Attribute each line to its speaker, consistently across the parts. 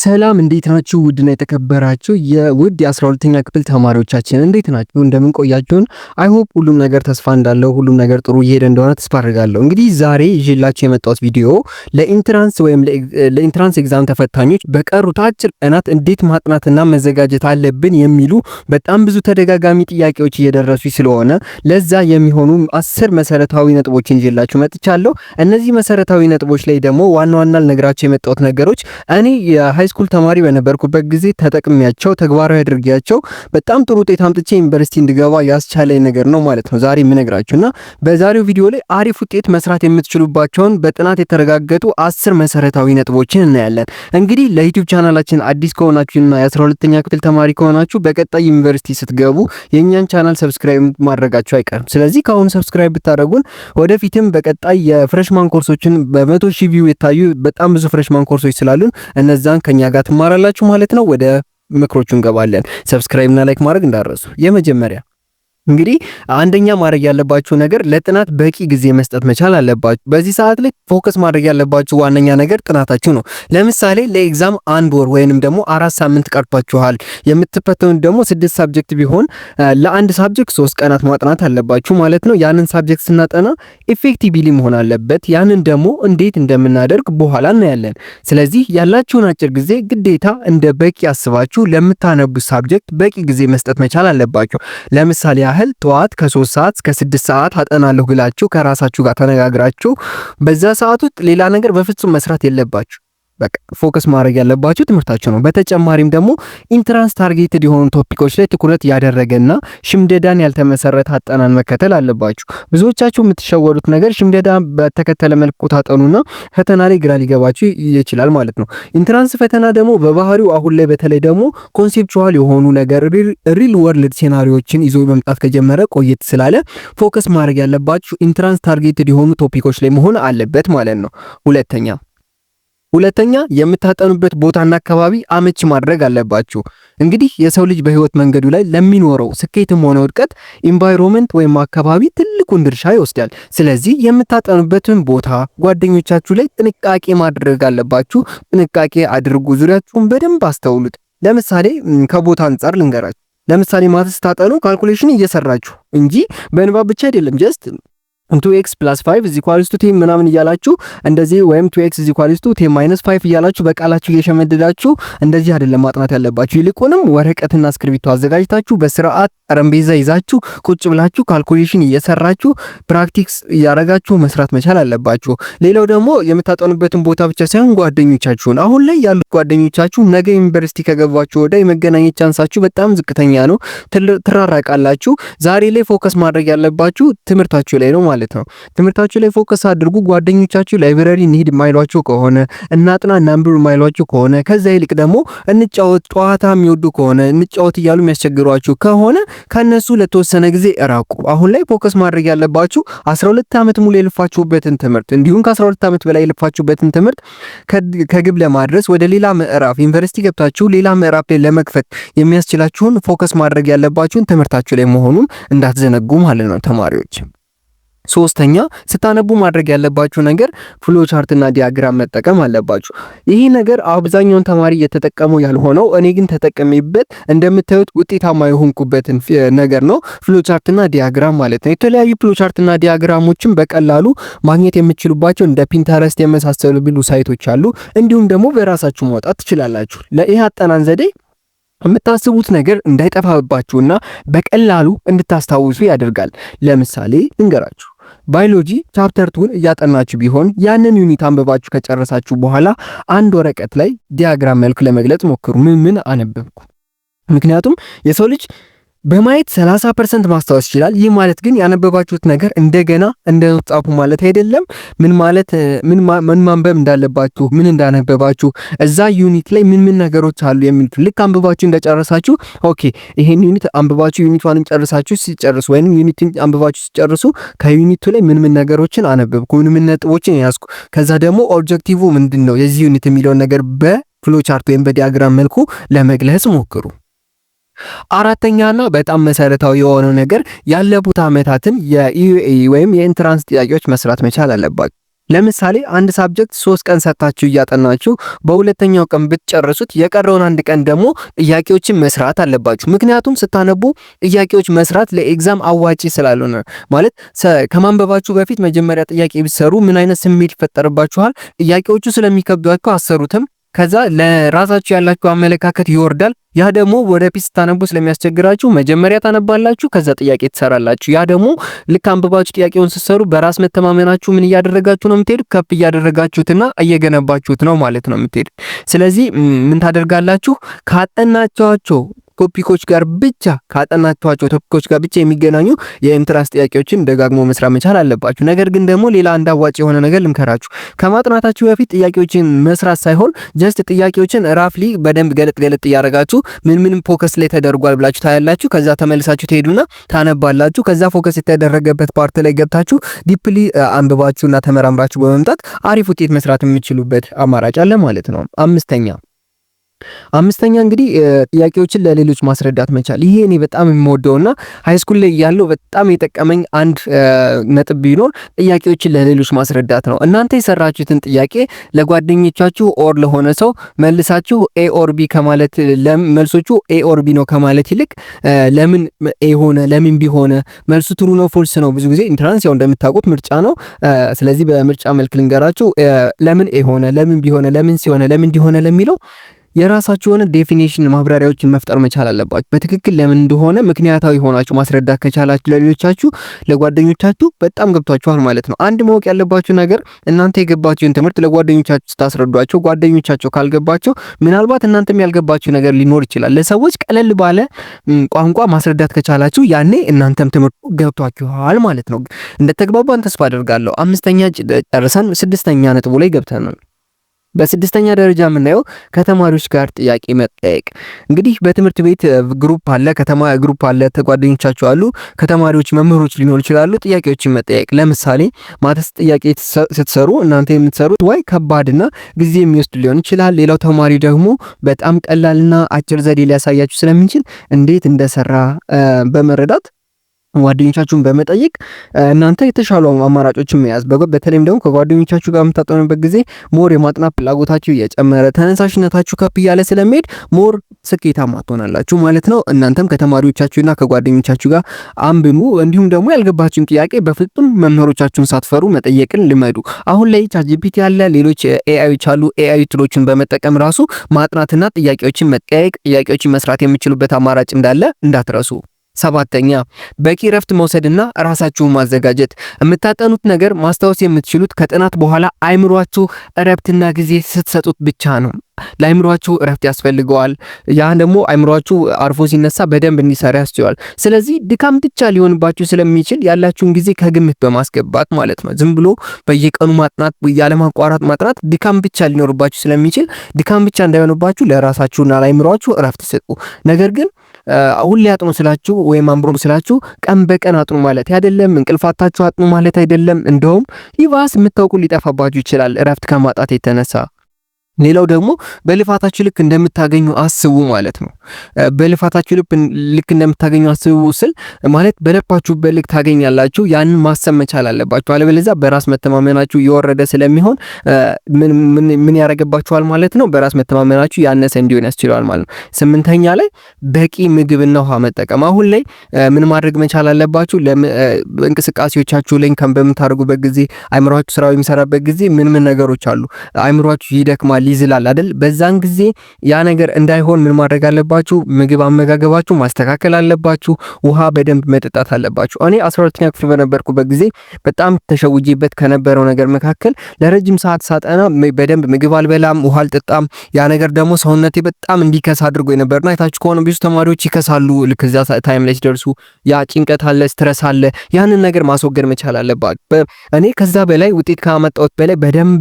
Speaker 1: ሰላም እንዴት ናችሁ? ውድና የተከበራችሁ የውድ የ12ኛ ክፍል ተማሪዎቻችን እንዴት ናችሁ? እንደምን ቆያችሁን? አይሆፕ ሁሉም ነገር ተስፋ እንዳለው ሁሉም ነገር ጥሩ እየሄደ እንደሆነ ተስፋ አድርጋለሁ። እንግዲህ ዛሬ ይዤላችሁ የመጣሁት ቪዲዮ ለኢንትራንስ ወይም ለኢንትራንስ ኤግዛም ተፈታኞች በቀሩት አጭር ቀናት እንዴት ማጥናትና መዘጋጀት አለብን የሚሉ በጣም ብዙ ተደጋጋሚ ጥያቄዎች እየደረሱ ስለሆነ ለዛ የሚሆኑ አስር መሰረታዊ ነጥቦችን ይዤላችሁ መጥቻለሁ። እነዚህ መሰረታዊ ነጥቦች ላይ ደግሞ ዋና ዋና ልነግራችሁ የመጣሁት ነገሮች እኔ የሃይስኩል ተማሪ በነበርኩበት ጊዜ ተጠቅሚያቸው ተግባራዊ አድርጊያቸው በጣም ጥሩ ውጤት አምጥቼ ዩኒቨርሲቲ እንድገባ ያስቻለኝ ነገር ነው ማለት ነው ዛሬ የምነግራችሁ እና በዛሬው ቪዲዮ ላይ አሪፍ ውጤት መስራት የምትችሉባቸውን በጥናት የተረጋገጡ አስር መሰረታዊ ነጥቦችን እናያለን። እንግዲህ ለዩቲዩብ ቻናላችን አዲስ ከሆናችሁና የ 12 ክፍል ተማሪ ከሆናችሁ በቀጣይ ዩኒቨርሲቲ ስትገቡ የእኛን ቻናል ሰብስክራይብ ማድረጋችሁ አይቀርም። ስለዚህ ከአሁኑ ሰብስክራይብ ብታደረጉን ወደፊትም በቀጣይ የፍሬሽማን ኮርሶችን በመቶ ሺ ቪው የታዩ በጣም ብዙ ፍሬሽማን ኮርሶች ስላሉን እነዛን ከኛ ጋር ትማራላችሁ ማለት ነው። ወደ ምክሮቹ እንገባለን። ሰብስክራይብ እና ላይክ ማድረግ እንዳረሱ የመጀመሪያ እንግዲህ አንደኛ ማድረግ ያለባችሁ ነገር ለጥናት በቂ ጊዜ መስጠት መቻል አለባችሁ። በዚህ ሰዓት ላይ ፎከስ ማድረግ ያለባችሁ ዋነኛ ነገር ጥናታችሁ ነው። ለምሳሌ ለኤግዛም አንድ ወር ወይንም ደግሞ አራት ሳምንት ቀርቷችኋል። የምትፈተኑት ደግሞ ስድስት ሳብጀክት ቢሆን ለአንድ ሳብጀክት ሶስት ቀናት ማጥናት አለባችሁ ማለት ነው። ያንን ሳብጀክት ስናጠና ኢፌክቲቪሊ መሆን አለበት። ያንን ደግሞ እንዴት እንደምናደርግ በኋላ እናያለን። ስለዚህ ያላችሁን አጭር ጊዜ ግዴታ እንደ በቂ አስባችሁ ለምታነቡት ሳብጀክት በቂ ጊዜ መስጠት መቻል አለባችሁ። ለምሳሌ ያህል ጠዋት ከሶስት ሰዓት እስከ ስድስት ሰዓት አጠናለሁ ብላችሁ ከራሳችሁ ጋር ተነጋግራችሁ በዛ ሰዓት ውስጥ ሌላ ነገር በፍጹም መስራት የለባችሁ። በቃ ፎከስ ማድረግ ያለባቸው ትምህርታቸው ነው። በተጨማሪም ደግሞ ኢንትራንስ ታርጌትድ የሆኑ ቶፒኮች ላይ ትኩረት ያደረገና ሽምደዳን ያልተመሰረተ አጠናን መከተል አለባችሁ። ብዙዎቻችሁ የምትሸወዱት ነገር ሽምደዳ በተከተለ መልኩ ታጠኑና ፈተና ላይ ግራ ሊገባችሁ ይችላል ማለት ነው። ኢንትራንስ ፈተና ደግሞ በባህሪው አሁን ላይ በተለይ ደግሞ ኮንሴፕቹዋል የሆኑ ነገር ሪል ወርልድ ሴናሪዎችን ይዞ መምጣት ከጀመረ ቆየት ስላለ ፎከስ ማድረግ ያለባችሁ ኢንትራንስ ታርጌትድ የሆኑ ቶፒኮች ላይ መሆን አለበት ማለት ነው። ሁለተኛ ሁለተኛ የምታጠኑበት ቦታና አካባቢ አመች ማድረግ አለባችሁ። እንግዲህ የሰው ልጅ በህይወት መንገዱ ላይ ለሚኖረው ስኬትም ሆነ ውድቀት ኢንቫይሮንመንት ወይም አካባቢ ትልቁን ድርሻ ይወስዳል። ስለዚህ የምታጠኑበትን ቦታ፣ ጓደኞቻችሁ ላይ ጥንቃቄ ማድረግ አለባችሁ። ጥንቃቄ አድርጉ። ዙሪያችሁን በደንብ አስተውሉት። ለምሳሌ ከቦታ አንጻር ልንገራችሁ። ለምሳሌ ማትስ ካልኩሌሽን እየሰራችሁ እንጂ በንባብ ብቻ አይደለም ጀስት ቱ ኤክስ ፕላስ ፋይቭ ኢዝ ኢኳልስ ቱ ቴን ምናምን እያላችሁ እንደዚህ ወይም ቱ ኤክስ ኢዝ ኢኳልስ ቱ ቴን ማይነስ ፋይቭ እያላችሁ በቃላችሁ እየሸመደዳችሁ እንደዚህ አይደለም ማጥናት ያለባችሁ። ይልቁንም ወረቀትና እስክሪብቶ አዘጋጅታችሁ በስርዓት ጠረጴዛ ይዛችሁ ቁጭ ብላችሁ ካልኩሌሽን እየሰራችሁ ፕራክቲክስ እያረጋችሁ መስራት መቻል አለባችሁ። ሌላው ደግሞ የምታጠኑበትን ቦታ ብቻ ሳይሆን ጓደኞቻችሁን፣ አሁን ላይ ያሉት ጓደኞቻችሁ ነገ ዩኒቨርሲቲ ከገባችሁ ወደ የመገናኘት ቻንሳችሁ በጣም ዝቅተኛ ነው፣ ትራራቃላችሁ። ዛሬ ላይ ፎከስ ማድረግ ያለባችሁ ትምህርታችሁ ላይ ነው ማለት ነው። ትምህርታችሁ ላይ ፎከስ አድርጉ። ጓደኞቻችሁ ላይብረሪ እንሂድ የማይሏችሁ ከሆነ እናጥና እናንብብ የማይሏችሁ ከሆነ ከዛ ይልቅ ደግሞ እንጫወት ጨዋታ የሚወዱ ከሆነ እንጫወት እያሉ የሚያስቸግሯችሁ ከሆነ ከእነሱ ለተወሰነ ጊዜ እራቁ። አሁን ላይ ፎከስ ማድረግ ያለባችሁ 12 ዓመት ሙሉ የልፋችሁበትን ትምህርት እንዲሁም ከ12 ዓመት በላይ የልፋችሁበትን ትምህርት ከግብ ለማድረስ ወደ ሌላ ምዕራፍ ዩኒቨርሲቲ ገብታችሁ ሌላ ምዕራፍ ላይ ለመክፈት የሚያስችላችሁን ፎከስ ማድረግ ያለባችሁን ትምህርታችሁ ላይ መሆኑን እንዳትዘነጉ ማለት ነው ተማሪዎች። ሶስተኛ ስታነቡ ማድረግ ያለባችሁ ነገር ፍሎቻርትና ዲያግራም መጠቀም አለባችሁ። ይህ ነገር አብዛኛውን ተማሪ እየተጠቀመው ያልሆነው እኔ ግን ተጠቀሚበት እንደምታዩት ውጤታማ የሆንኩበትን ነገር ነው፣ ፍሎቻርትና ዲያግራም ማለት ነው። የተለያዩ ፍሎቻርትና ዲያግራሞችን በቀላሉ ማግኘት የምችሉባቸው እንደ ፒንተረስት የመሳሰሉ ብሉ ሳይቶች አሉ። እንዲሁም ደግሞ በራሳችሁ ማውጣት ትችላላችሁ። ለይህ አጠናን ዘዴ የምታስቡት ነገር እንዳይጠፋብባችሁና በቀላሉ እንድታስታውሱ ያደርጋል። ለምሳሌ እንገራችሁ ባዮሎጂ ቻፕተር ቱን እያጠናችሁ ቢሆን ያንን ዩኒት አንብባችሁ ከጨረሳችሁ በኋላ አንድ ወረቀት ላይ ዲያግራም መልክ ለመግለጽ ሞክሩ። ምን ምን አነበብኩ? ምክንያቱም የሰው ልጅ በማየት 30% ማስታወስ ይችላል። ይህ ማለት ግን ያነበባችሁት ነገር እንደገና እንደጻፉ ማለት አይደለም። ምን ማለት ምን ማንበብ እንዳለባችሁ ምን እንዳነበባችሁ እዛ ዩኒት ላይ ምን ምን ነገሮች አሉ የሚሉት ልክ አንብባችሁ እንደጨረሳችሁ ኦኬ፣ ይሄን ዩኒት አንብባችሁ ዩኒቷንም ጨርሳችሁ ሲጨርሱ ወይም ዩኒትን አንብባችሁ ሲጨርሱ ከዩኒቱ ላይ ምን ምን ነገሮችን አነበብኩ፣ ምን ምን ነጥቦችን ያዝኩ፣ ከዛ ደግሞ ኦብጀክቲቭ ምንድን ነው የዚህ ዩኒት የሚለውን ነገር በፍሎቻርት ወይም በዲያግራም መልኩ ለመግለጽ ሞክሩ። አራተኛና በጣም መሰረታዊ የሆነው ነገር ያለፉት ዓመታትን የኢዩኤ ወይም የኢንትራንስ ጥያቄዎች መስራት መቻል አለባችሁ። ለምሳሌ አንድ ሳብጀክት ሶስት ቀን ሰጥታችሁ እያጠናችሁ በሁለተኛው ቀን ብትጨርሱት የቀረውን አንድ ቀን ደግሞ ጥያቄዎችን መስራት አለባችሁ። ምክንያቱም ስታነቡ ጥያቄዎች መስራት ለኤግዛም አዋጪ ስላልሆነ ማለት ከማንበባችሁ በፊት መጀመሪያ ጥያቄ ቢሰሩ ምን አይነት ስሜት ይፈጠርባችኋል? ጥያቄዎቹ ስለሚከብዷችሁ አሰሩትም ከዛ ለራሳችሁ ያላችሁ አመለካከት ይወርዳል። ያ ደግሞ ወደፊት ስታነቡ ስለሚያስቸግራችሁ መጀመሪያ ታነባላችሁ፣ ከዛ ጥያቄ ትሰራላችሁ። ያ ደግሞ ልክ አንብባችሁ ጥያቄውን ስትሰሩ በራስ መተማመናችሁ ምን እያደረጋችሁ ነው የምትሄዱ? ከፍ እያደረጋችሁትና እየገነባችሁት ነው ማለት ነው የምትሄዱ። ስለዚህ ምን ታደርጋላችሁ? ካጠናችኋቸው ቶፒኮች ጋር ብቻ ካጠናችኋቸው ቶፒኮች ጋር ብቻ የሚገናኙ የኢንትራንስ ጥያቄዎችን ደጋግሞ መስራት መቻል አለባችሁ። ነገር ግን ደግሞ ሌላ አንድ አዋጭ የሆነ ነገር ልምከራችሁ። ከማጥናታችሁ በፊት ጥያቄዎችን መስራት ሳይሆን ጀስት ጥያቄዎችን ራፍሊ በደንብ ገለጥ ገለጥ እያደረጋችሁ ምን ምን ፎከስ ላይ ተደርጓል ብላችሁ ታያላችሁ። ከዛ ተመልሳችሁ ትሄዱና ታነባላችሁ። ከዛ ፎከስ የተደረገበት ፓርት ላይ ገብታችሁ ዲፕሊ አንብባችሁና ተመራምራችሁ በመምጣት አሪፍ ውጤት መስራት የምችሉበት አማራጭ አለ ማለት ነው። አምስተኛ አምስተኛ እንግዲህ ጥያቄዎችን ለሌሎች ማስረዳት መቻል። ይሄ እኔ በጣም የምወደውና ሃይስኩል ላይ ያለው በጣም የጠቀመኝ አንድ ነጥብ ቢኖር ጥያቄዎችን ለሌሎች ማስረዳት ነው። እናንተ የሰራችሁትን ጥያቄ ለጓደኞቻችሁ ኦር ለሆነ ሰው መልሳችሁ ኤ ኦር ቢ ከማለት መልሶቹ ኤ ኦር ቢ ነው ከማለት ይልቅ ለምን ኤ ሆነ፣ ለምን ቢ ሆነ፣ መልሱ ትሩ ነው ፎልስ ነው። ብዙ ጊዜ ኢንትራንስ ያው እንደምታውቁት ምርጫ ነው። ስለዚህ በምርጫ መልክ ልንገራችሁ። ለምን ኤ ሆነ፣ ለምን ቢ ሆነ፣ ለምን ሲሆነ ለምን እንዲሆነ ለሚለው የራሳችሁን ዴፊኒሽን ማብራሪያዎችን መፍጠር መቻል አለባችሁ። በትክክል ለምን እንደሆነ ምክንያታዊ ሆናችሁ ማስረዳት ከቻላችሁ ለሌሎቻችሁ፣ ለጓደኞቻችሁ በጣም ገብቷችኋል ማለት ነው። አንድ ማወቅ ያለባችሁ ነገር እናንተ የገባችሁን ትምህርት ለጓደኞቻችሁ ስታስረዷቸው ጓደኞቻቸው ካልገባቸው ምናልባት እናንተም ያልገባችሁ ነገር ሊኖር ይችላል። ለሰዎች ቀለል ባለ ቋንቋ ማስረዳት ከቻላችሁ ያኔ እናንተም ትምህርቱ ገብቷችኋል ማለት ነው። እንደ ተግባባን ተስፋ አደርጋለሁ። አምስተኛ ጨርሰን ስድስተኛ ነጥቡ ላይ ገብተናል። በስድስተኛ ደረጃ የምናየው ከተማሪዎች ጋር ጥያቄ መጠየቅ። እንግዲህ በትምህርት ቤት ግሩፕ አለ፣ ከተማ ግሩፕ አለ፣ ተጓደኞቻቸው አሉ፣ ከተማሪዎች መምህሮች ሊኖሩ ይችላሉ። ጥያቄዎችን መጠየቅ ለምሳሌ ማተስ ጥያቄ ስትሰሩ እናንተ የምትሰሩት ወይ ከባድና ጊዜ የሚወስድ ሊሆን ይችላል። ሌላው ተማሪ ደግሞ በጣም ቀላልና አጭር ዘዴ ሊያሳያችሁ ስለሚችል እንዴት እንደሰራ በመረዳት ጓደኞቻችሁን በመጠየቅ እናንተ የተሻሉ አማራጮችን መያዝ በተለይም ደግሞ ከጓደኞቻችሁ ጋር የምታጠኑበት ጊዜ ሞር የማጥናት ፍላጎታችሁ እየጨመረ ተነሳሽነታችሁ ከፍ እያለ ስለሚሄድ ሞር ስኬታማ ትሆናላችሁ ማለት ነው። እናንተም ከተማሪዎቻችሁና ከጓደኞቻችሁ ጋር አንብሙ። እንዲሁም ደግሞ ያልገባችሁን ጥያቄ በፍጹም መምህሮቻችሁን ሳትፈሩ መጠየቅን ልመዱ። አሁን ላይ ቻትጂፒቲ ያለ ሌሎች ኤአዮች አሉ። ኤአይ ትሎችን በመጠቀም ራሱ ማጥናትና ጥያቄዎችን መጠያየቅ ጥያቄዎችን መስራት የሚችሉበት አማራጭ እንዳለ እንዳትረሱ። ሰባተኛ በቂ ረፍት መውሰድና ራሳችሁን ማዘጋጀት። የምታጠኑት ነገር ማስታወስ የምትችሉት ከጥናት በኋላ አይምሯችሁ እረፍትና ጊዜ ስትሰጡት ብቻ ነው። ለአይምሯችሁ እረፍት ያስፈልገዋል። ያን ደግሞ አይምሯችሁ አርፎ ሲነሳ በደንብ እንዲሰራ ያስችላል። ስለዚህ ድካም ብቻ ሊሆንባችሁ ስለሚችል ያላችሁን ጊዜ ከግምት በማስገባት ማለት ነው። ዝም ብሎ በየቀኑ ማጥናት ያለማቋራት ማጥናት ድካም ብቻ ሊኖርባችሁ ስለሚችል ድካም ብቻ እንዳይሆንባችሁ ለራሳችሁና ለአይምሯችሁ እረፍት ስጡ። ነገር ግን ሁሌ አጥኑ ስላችሁ ወይም አንብሮም ስላችሁ ቀን በቀን አጥኑ ማለት አይደለም። እንቅልፋታችሁ አጥኑ ማለት አይደለም። እንደውም ይባስ የምታውቁ ሊጠፋባችሁ ይችላል እረፍት ከማጣት የተነሳ ሌላው ደግሞ በልፋታችሁ ልክ እንደምታገኙ አስቡ ማለት ነው። በልፋታችሁ ልክ እንደምታገኙ አስቡ ስል ማለት በለፋችሁበት ልክ ታገኛላችሁ። ያንን ማሰብ መቻል አለባችሁ። አለበለዚያ በራስ መተማመናችሁ የወረደ ስለሚሆን ምን ያደረገባችኋል ማለት ነው። በራስ መተማመናችሁ ያነሰ እንዲሆን ያስችለዋል ማለት ነው። ስምንተኛ ላይ በቂ ምግብና ውሃ መጠቀም። አሁን ላይ ምን ማድረግ መቻል አለባችሁ? እንቅስቃሴዎቻችሁ ላይ በምታደርጉበት ጊዜ አይምሯችሁ ስራው የሚሰራበት ጊዜ ምን ምን ነገሮች አሉ? አይምሯችሁ ይደክማል ይችላል ይዝላል አይደል? በዛን ጊዜ ያ ነገር እንዳይሆን ምን ማድረግ አለባችሁ? ምግብ አመጋገባችሁ ማስተካከል አለባችሁ። ውሃ በደንብ መጠጣት አለባችሁ። እኔ 12ኛ ክፍል በነበርኩበት ጊዜ በጣም ተሸውጄበት ከነበረው ነገር መካከል ለረጅም ሰዓት ሳጠና በደንብ ምግብ አልበላም፣ ውሃ አልጠጣም። ያ ነገር ደግሞ ሰውነቴ በጣም እንዲከስ አድርጎ የነበርና አይታችሁ ከሆነ ብዙ ተማሪዎች ይከሳሉ። ልክ እዛ ታይም ላይ ሲደርሱ ያ ጭንቀት አለ፣ ስትረስ አለ። ያንን ነገር ማስወገድ መቻል አለባችሁ። እኔ ከዛ በላይ ውጤት ካመጣሁት በላይ በደንብ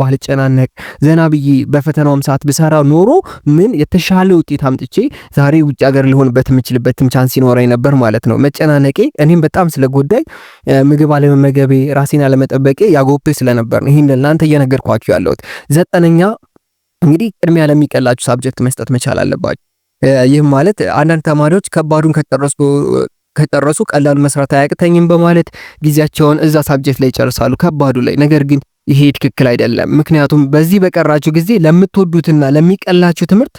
Speaker 1: ባልጨናነቅ ዘ ዘና ብዬ በፈተናውም ሰዓት ብሰራ ኖሮ ምን የተሻለ ውጤት አምጥቼ ዛሬ ውጭ ሀገር ልሆንበት የምችልበትም ቻንስ ይኖረኝ ነበር ማለት ነው። መጨናነቄ እኔም በጣም ስለጎዳይ ምግብ አለመመገቤ፣ ራሴን አለመጠበቄ ያጎፔ ስለነበር ነው ይህን ለእናንተ እየነገርኳችሁ ያለሁት። ዘጠነኛ እንግዲህ ቅድሚያ ለሚቀላችሁ ሳብጀክት መስጠት መቻል አለባችሁ። ይህም ማለት አንዳንድ ተማሪዎች ከባዱን ከጨረሱ ከጨረሱ ቀላሉ መስራት አያቅተኝም በማለት ጊዜያቸውን እዛ ሳብጀክት ላይ ይጨርሳሉ ከባዱ ላይ ነገር ግን ይሄ ትክክል አይደለም። ምክንያቱም በዚህ በቀራችሁ ጊዜ ለምትወዱትና ለሚቀላችሁ ትምህርት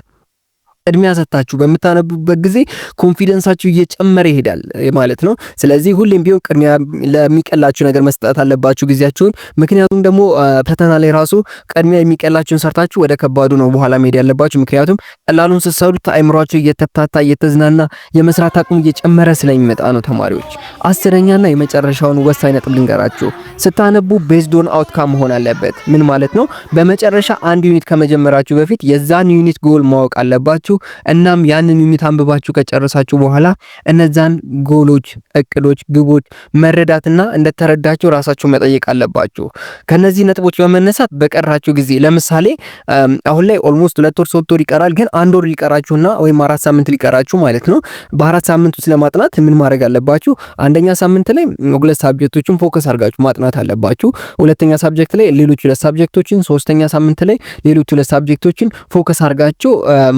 Speaker 1: ቅድሚያ ሰጥታችሁ በምታነቡበት ጊዜ ኮንፊደንሳችሁ እየጨመረ ይሄዳል ማለት ነው። ስለዚህ ሁሌም ቢሆን ቅድሚያ ለሚቀላችሁ ነገር መስጠት አለባችሁ ጊዜያችሁን። ምክንያቱም ደግሞ ፈተና ላይ ራሱ ቅድሚያ የሚቀላችሁን ሰርታችሁ ወደ ከባዱ ነው በኋላ መሄድ ያለባችሁ። ምክንያቱም ቀላሉን ስትሰሩት አይምሯቸው እየተፍታታ እየተዝናና የመስራት አቅሙ እየጨመረ ስለሚመጣ ነው። ተማሪዎች አስረኛና የመጨረሻውን ወሳኝ ነጥብ ልንገራችሁ። ስታነቡ ቤዝድ ኦን አውትካም መሆን አለበት። ምን ማለት ነው? በመጨረሻ አንድ ዩኒት ከመጀመራችሁ በፊት የዛን ዩኒት ጎል ማወቅ አለባችሁ። ትችላላችሁ። እናም ያንን ዩኒት አንብባችሁ ከጨረሳችሁ በኋላ እነዛን ጎሎች፣ እቅዶች፣ ግቦች መረዳትና እንደተረዳችሁ ራሳችሁ መጠየቅ አለባችሁ። ከነዚህ ነጥቦች በመነሳት በቀራችሁ ጊዜ ለምሳሌ አሁን ላይ ኦልሞስት ሁለት ወር ሶስት ወር ይቀራል፣ ግን አንድ ወር ሊቀራችሁና ወይም አራት ሳምንት ሊቀራችሁ ማለት ነው። በአራት ሳምንት ውስጥ ለማጥናት ምን ማድረግ አለባችሁ? አንደኛ ሳምንት ላይ ሁለት ሳብጀክቶችን ፎከስ አድርጋችሁ ማጥናት አለባችሁ። ሁለተኛ ሳብጀክት ላይ ሌሎች ሁለት ሳብጀክቶችን፣ ሶስተኛ ሳምንት ላይ ሌሎች ሁለት ሳብጀክቶችን ፎከስ አድርጋችሁ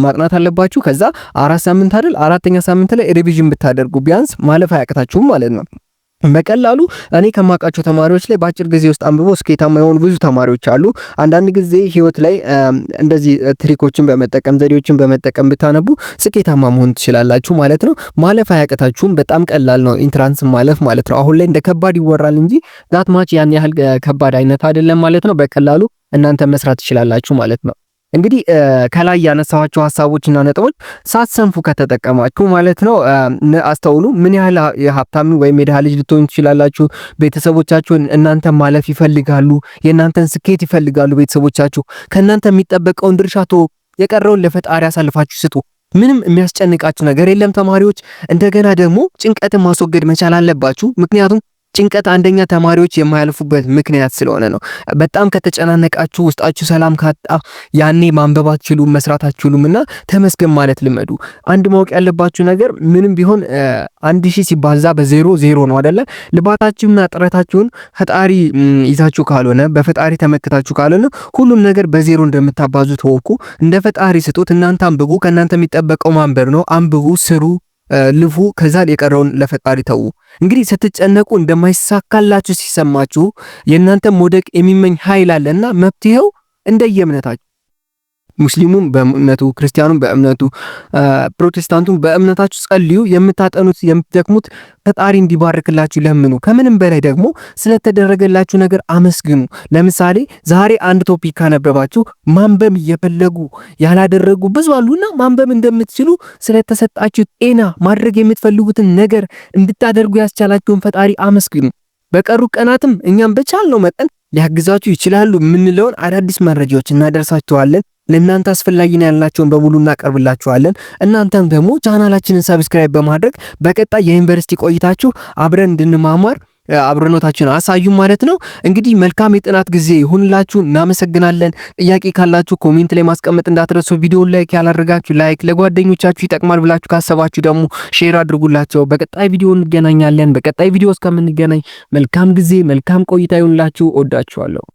Speaker 1: ማጥናት አለ ካለባችሁ ከዛ አራት ሳምንት አይደል አራተኛ ሳምንት ላይ ሪቪዥን ብታደርጉ ቢያንስ ማለፍ አያቅታችሁም ማለት ነው። በቀላሉ እኔ ከማውቃቸው ተማሪዎች ላይ በአጭር ጊዜ ውስጥ አንብቦ ስኬታማ የሆኑ ብዙ ተማሪዎች አሉ። አንዳንድ ጊዜ ህይወት ላይ እንደዚህ ትሪኮችን በመጠቀም ዘዴዎችን በመጠቀም ብታነቡ ስኬታማ መሆን ትችላላችሁ ማለት ነው። ማለፍ አያቅታችሁም። በጣም ቀላል ነው ኢንትራንስ ማለፍ ማለት ነው። አሁን ላይ እንደ ከባድ ይወራል እንጂ ዛት ማች ያን ያህል ከባድ አይነት አይደለም ማለት ነው። በቀላሉ እናንተ መስራት ትችላላችሁ ማለት ነው። እንግዲህ ከላይ ያነሳኋቸው እና ነጥቦች ሳትሰንፉ ከተጠቀማችሁ ማለት ነው። አስተውሉ። ምን ያህል ሀብታም ወይም የድሃ ልጅ ልትሆኑ ትችላላችሁ። ቤተሰቦቻችሁን እናንተ ማለፍ ይፈልጋሉ። የእናንተን ስኬት ይፈልጋሉ። ቤተሰቦቻችሁ ከእናንተ የሚጠበቀውን ድርሻ ቶ የቀረውን ለፈጣሪ አሳልፋችሁ ስጡ። ምንም የሚያስጨንቃችሁ ነገር የለም። ተማሪዎች እንደገና ደግሞ ጭንቀትን ማስወገድ መቻል አለባችሁ። ምክንያቱም ጭንቀት አንደኛ ተማሪዎች የማያልፉበት ምክንያት ስለሆነ ነው። በጣም ከተጨናነቃችሁ ውስጣችሁ ሰላም ካጣ ያኔ ማንበብ አትችሉም፣ መስራት አትችሉም እና ተመስገን ማለት ልመዱ። አንድ ማወቅ ያለባችሁ ነገር ምንም ቢሆን አንድ ሺህ ሲባዛ በዜሮ ዜሮ ነው አደለ? ልባታችሁና ጥረታችሁን ፈጣሪ ይዛችሁ ካልሆነ በፈጣሪ ተመክታችሁ ካልሆነ ሁሉም ነገር በዜሮ እንደምታባዙ ተወቁ። እንደ ፈጣሪ ስጡት። እናንተ አንብቡ። ከእናንተ የሚጠበቀው ማንበብ ነው። አንብቡ፣ ስሩ ልፉ ከዛ የቀረውን ለፈጣሪ ተዉ። እንግዲህ ስትጨነቁ እንደማይሳካላችሁ ሲሰማችሁ የእናንተም መውደቅ የሚመኝ ኃይል አለና መፍትሄው እንደየእምነታችሁ ሙስሊሙም በእምነቱ ክርስቲያኑም በእምነቱ ፕሮቴስታንቱም በእምነታችሁ ጸልዩ። የምታጠኑት የምትደክሙት ፈጣሪ እንዲባርክላችሁ ለምኑ። ከምንም በላይ ደግሞ ስለተደረገላችሁ ነገር አመስግኑ። ለምሳሌ ዛሬ አንድ ቶፒክ ካነበባችሁ ማንበብ እየፈለጉ ያላደረጉ ብዙ አሉና ማንበብ እንደምትችሉ ስለተሰጣችሁ ጤና ማድረግ የምትፈልጉትን ነገር እንድታደርጉ ያስቻላችሁን ፈጣሪ አመስግኑ። በቀሩ ቀናትም እኛም በቻልነው መጠን ሊያግዛችሁ ይችላሉ የምንለውን አዳዲስ መረጃዎች እናደርሳችኋለን። ለእናንተ አስፈላጊ ነው ያልናቸውን በሙሉ እናቀርብላችኋለን። እናንተም ደግሞ ቻናላችንን ሰብስክራይብ በማድረግ በቀጣይ የዩኒቨርሲቲ ቆይታችሁ አብረን እንድንማማር አብረኖታችን አሳዩ ማለት ነው። እንግዲህ መልካም የጥናት ጊዜ ይሁንላችሁ። እናመሰግናለን። ጥያቄ ካላችሁ ኮሜንት ላይ ማስቀመጥ እንዳትረሱ። ቪዲዮ ላይክ ያላደረጋችሁ ላይክ፣ ለጓደኞቻችሁ ይጠቅማል ብላችሁ ካሰባችሁ ደግሞ ሼር አድርጉላቸው። በቀጣይ ቪዲዮ እንገናኛለን። በቀጣይ ቪዲዮ እስከምንገናኝ መልካም ጊዜ፣ መልካም ቆይታ ይሁንላችሁ። ወዳችኋለሁ።